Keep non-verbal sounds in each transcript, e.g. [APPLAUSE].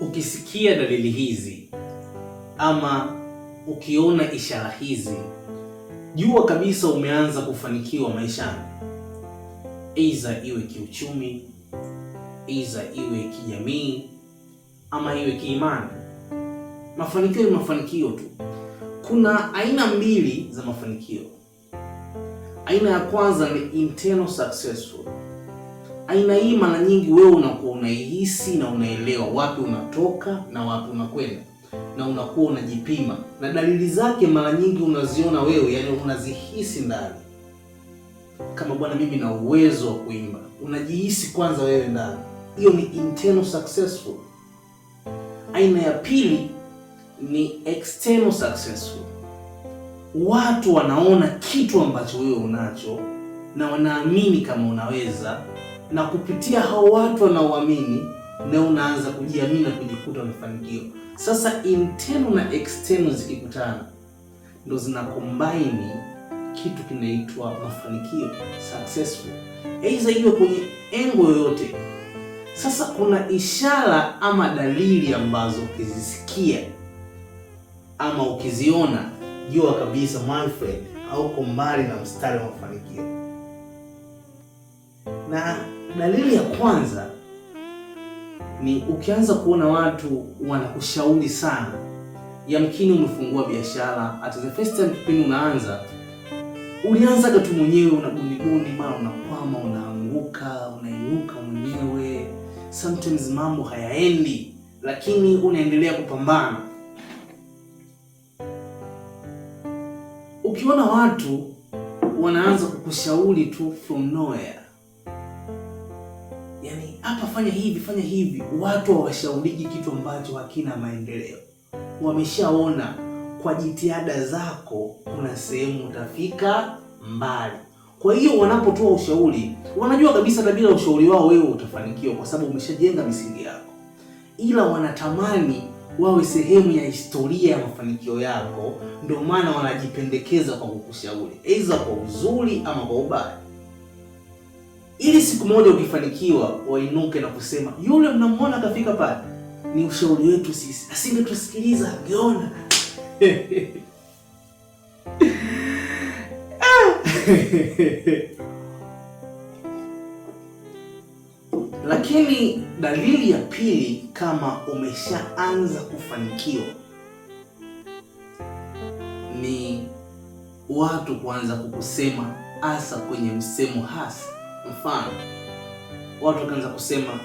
Ukisikia dalili hizi ama ukiona ishara hizi, jua kabisa umeanza kufanikiwa maishani, aidha iwe kiuchumi, aidha iwe kijamii, ama iwe kiimani. Mafanikio ni mafanikio tu. Kuna aina mbili za mafanikio. Aina ya kwanza ni internal successful aina hii mara nyingi wewe unakuwa unaihisi na unaelewa wapi unatoka na wapi unakwenda, na unakuwa unajipima, na dalili zake mara nyingi unaziona wewe, yani unazihisi ndani, kama bwana, mimi na uwezo wa kuimba. Unajihisi kwanza wewe ndani, hiyo ni internal successful. Aina ya pili ni external successful. Watu wanaona kitu ambacho wewe unacho na wanaamini kama unaweza na kupitia hao watu wanaoamini na unaanza kujiamini na kujikuta umefanikiwa. Sasa internal na external zikikutana ndo zina combine kitu kinaitwa mafanikio successful, aidha hiyo kwenye engo yoyote. Sasa kuna ishara ama dalili ambazo ukizisikia ama ukiziona, jua kabisa Manfred au mbali na mstari wa mafanikio na Dalili ya kwanza ni ukianza kuona watu wanakushauri sana, yamkini umefungua biashara, at the first time kipindi unaanza ulianzaga tu mwenyewe unagundigundi, mara unakwama, unaanguka, unainuka mwenyewe, sometimes mambo hayaendi, lakini unaendelea kupambana. Ukiona watu wanaanza kukushauri tu from nowhere hapa, fanya hivi, fanya hivi. Watu hawashauriki kitu ambacho hakina maendeleo. Wameshaona kwa jitihada zako kuna sehemu utafika mbali. Kwa hiyo wanapotoa ushauri, wanajua kabisa hata bila ushauri wao wewe utafanikiwa, kwa sababu umeshajenga misingi yako, ila wanatamani wawe sehemu ya historia ya mafanikio yako. Ndio maana wanajipendekeza kwa kukushauri, aidha kwa uzuri ama kwa ubaya ili siku moja ukifanikiwa wainuke na kusema yule mnamwona akafika pale, ni ushauri wetu sisi, asingetusikiliza angeona. [LAUGHS] Lakini dalili ya pili, kama umeshaanza kufanikiwa, ni watu kuanza kukusema, hasa kwenye msemo hasa Mfano, watu wakaanza kusema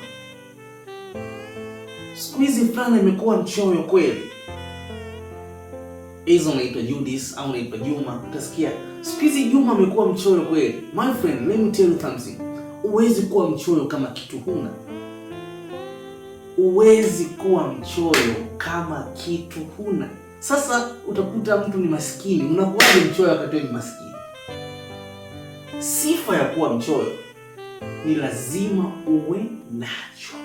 siku hizi fulani imekuwa mchoyo kweli. Hizo unaitwa Judith au unaitwa Juma, utasikia siku hizi Juma amekuwa mchoyo kweli. My friend, let me tell you something, huwezi kuwa mchoyo kama kitu huna. Huwezi kuwa mchoyo kama kitu huna. Sasa utakuta mtu ni maskini, unakuwaje mchoyo wakati ni maskini? Sifa ya kuwa mchoyo ni lazima uwe nacho,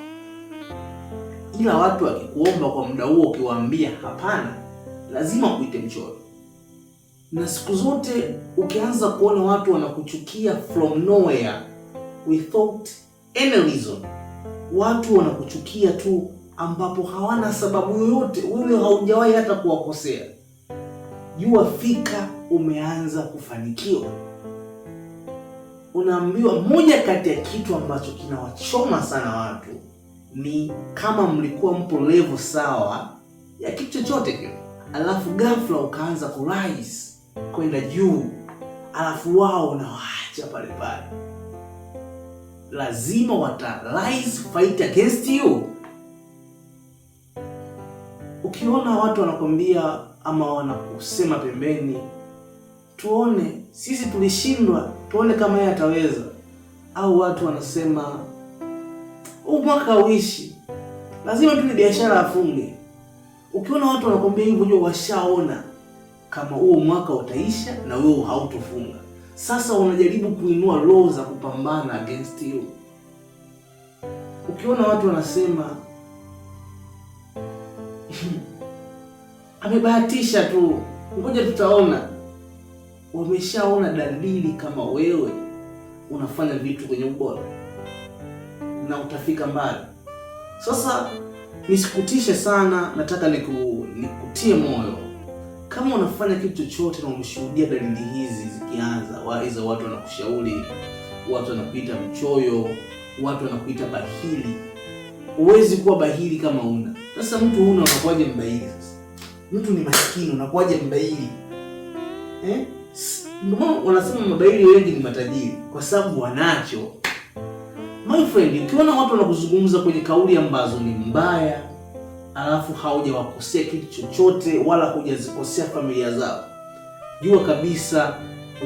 ila watu wakikuomba kwa muda huo ukiwaambia hapana, lazima kuite mchoro. Na siku zote ukianza kuona watu wanakuchukia from nowhere without any reason, watu wanakuchukia tu ambapo hawana sababu yoyote, wewe haujawahi hata kuwakosea, jua fika umeanza kufanikiwa unaambiwa moja kati ya kitu ambacho kinawachoma sana watu ni kama mlikuwa mpo levo sawa ya kitu chochote kile, alafu ghafla ukaanza kurise kwenda juu, alafu wao unawaacha pale pale. Lazima wata rise fight against you. Ukiona watu wanakwambia ama wanakusema pembeni, tuone sisi tulishindwa tuone kama yeye ataweza, au watu wanasema huu mwaka uishi, lazima tu ni biashara afunge. Ukiona watu wanakwambia hivyo, jua washaona kama huo mwaka utaisha na wewe hautofunga. Sasa wanajaribu kuinua roho za kupambana against you. Ukiona watu wanasema [LAUGHS] amebahatisha tu, ngoja tutaona wameshaona dalili kama wewe unafanya vitu kwenye ubora na utafika mbali. Sasa nisikutishe sana, nataka niku, nikutie moyo kama unafanya kitu chochote na umeshuhudia dalili hizi zikianza, waiza watu wanakushauri, watu wanakuita mchoyo, watu wanakuita bahili. Huwezi kuwa bahili kama una sasa. Mtu huna unakuwaje mbahili? Sasa mtu ni maskini unakuwaje mbahili eh? Ndio maana wanasema mabaili wengi ni matajiri kwa sababu wanacho. My friend, ukiona watu wanakuzungumza kwenye kauli ambazo ni mbaya, alafu haujawakosea kitu chochote wala hujazikosea familia zao, jua kabisa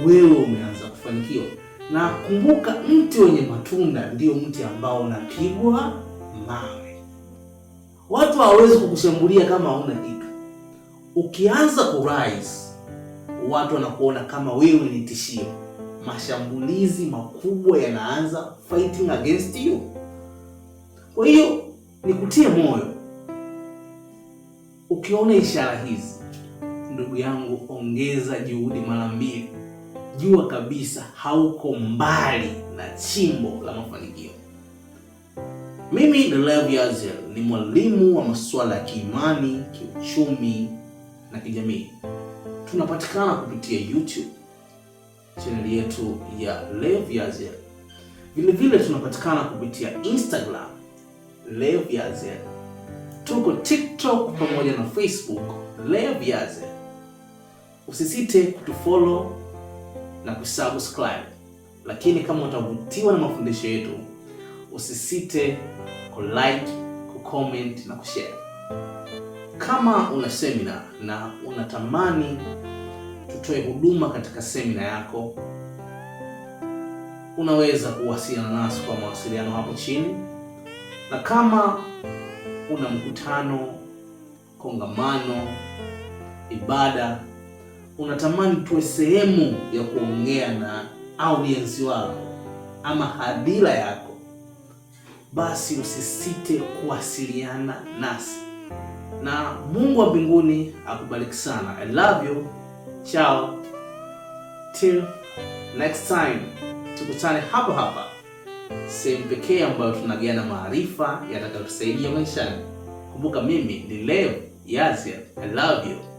wewe umeanza kufanikiwa. Na kumbuka, mti wenye matunda ndio mti ambao unapigwa mawe. Watu hawawezi kukushambulia kama hauna kitu. Ukianza kurise watu wanakuona kama wewe ni tishio, mashambulizi makubwa yanaanza fighting against you. Kwa hiyo nikutie moyo, ukiona ishara hizi, ndugu yangu, ongeza juhudi mara mbili. Jua kabisa hauko mbali na chimbo la mafanikio. Mimi Delevya Aziel ni mwalimu wa masuala ya kiimani, kiuchumi na kijamii tunapatikana kupitia YouTube chaneli yetu ya Leviazel, vile vile tunapatikana kupitia Instagram Leviazel, tuko TikTok pamoja na Facebook Leviazel. Usisite kutufollow na kusubscribe, lakini kama utavutiwa na mafundisho yetu usisite kulike, kucomment na kushare. Kama una semina na unatamani tutoe huduma katika semina yako, unaweza kuwasiliana nasi kwa mawasiliano hapo chini, na kama una mkutano, kongamano, ibada, unatamani tuwe sehemu ya kuongea na audiensi wako ama hadhira yako, basi usisite kuwasiliana nasi na Mungu wa mbinguni akubariki sana. I love you. Ciao. Till next time. Tukutane hapa hapa. Sehemu pekee ambayo tunagaiana maarifa yatakayotusaidia maishani. Kumbuka mimi ni Leo Yazia. I love you.